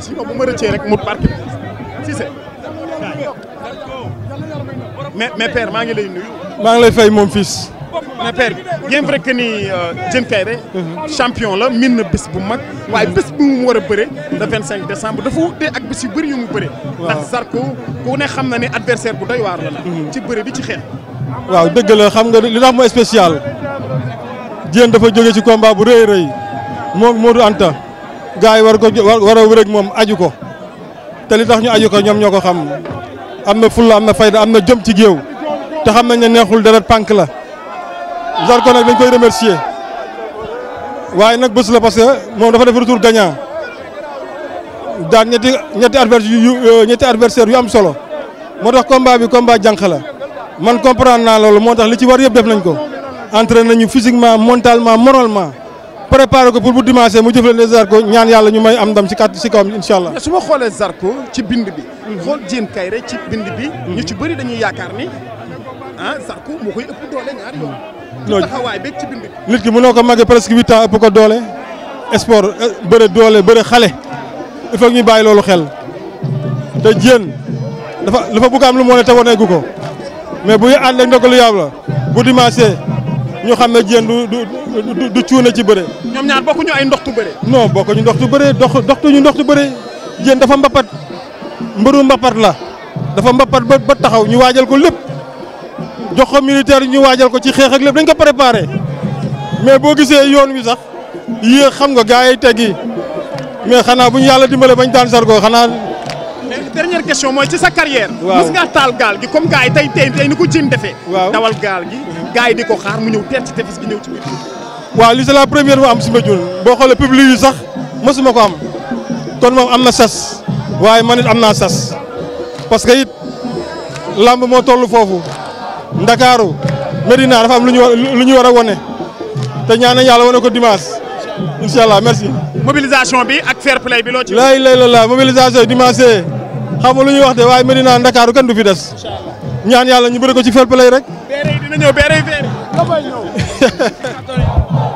sinon bu ma mais mais maa ngi lay nuyu. maa ngi lay fay moom fils. mais père bien vrai que ni euh, Diène Kaïré mhm. champion la min na bés bu mag. waaye bés bu mu war a bëre. le 25 décembre dafa wutee ak bés yu bëri yu mu bëre. ndax Zarko ku ne xam na ni adversaire bu doy waar la la. Mhm. ci bëre bi ci xeex. waaw dëgg la xam nga li tax mooy spécial. Diène dafa jóge ci combat bu rëy rëy moom Modou Anta. gars yi war ko war a wér moom aju ko te li tax ñu aju ko ñoom ñoo ko xam am na fulla am na fayda am na jëm ci géew te xam nañ ne neexul deret pànk la Zarko nag dañ koy remercier waaye nag bés la parce que moom dafa def retour gagnant daan ñetti ñetti adversaire yu euh, ñetti adversaire yu am solo moo tax combat bi combat jànq la man comprendre naa loolu moo tax li ci war yëpp def nañ ko entraîné nañu physiquement mentalement moralement préparé ko pour bu dimanche mu jëflante Zarko ñaan yàlla ñu may am ndam ci kàtt ci kawam incha allah. su ma xoolee Zarko ci bind bi. xool Diène Kairé ci bind bi. Mhm. ñu ci bëri dañuy yaakaar ni ah Zarko moo koy ëpp doole ñaari yoon. Mhm. taxawaay beeg ci ko màggee presque huit ans ëpp ko doole sport eh, bëre doole bëre xale il faut ñu bàyyi loolu xel te Diène dafa dafa bëgg am lu moo wane te waneegu ko mais bu ñu ànd ak ndogalu yàlla bu dimanche. ñu xam ne Diène du du du cuune ci bëre. ñoom ñaar bokkuñu ay ndoxtu bëre. non bokkuñu ndoxtu bëre dox doxtuñu ndoxtu bëre Diène dafa mbapat mbëru mbapat la dafa mbappat ba taxaw ñu waajal ko lépp jox ko militaire ñu waajal ko ci xeex ak lépp dañ ko préparé mais boo gisee yoon wi sax yéen xam nga gars yi teggi mais xanaa bu ñu yàlla dimbale bañ daan sargoo xanaa. dernière question mooy ci sa carrière. waaw mës ngaa taal gaal gi comme gaa yi tey tey tey ko jëm defee. waaw dawal gaal gi. gars yi di ko xaar mu ñëw teer li c'est la première fois am si Mbédioune boo xoolee public sax mosuma ko am ton moom am na sas waaye man it am naa sas parce que it lamb moo toll foofu Ndakaaru Medina dafa am lu ñu war lu ñu war a wane te ñaan nañ yàlla wane ko dimanche incha allah merci. mobilisation bi ak fair play bi loo ci. lay lay la mobilisation dimanche xam nga lu ñuy wax de waaye Medina Ndakaaru kenn du fi des. ñaan yàlla ñu bëri ko ci fair play rek. beere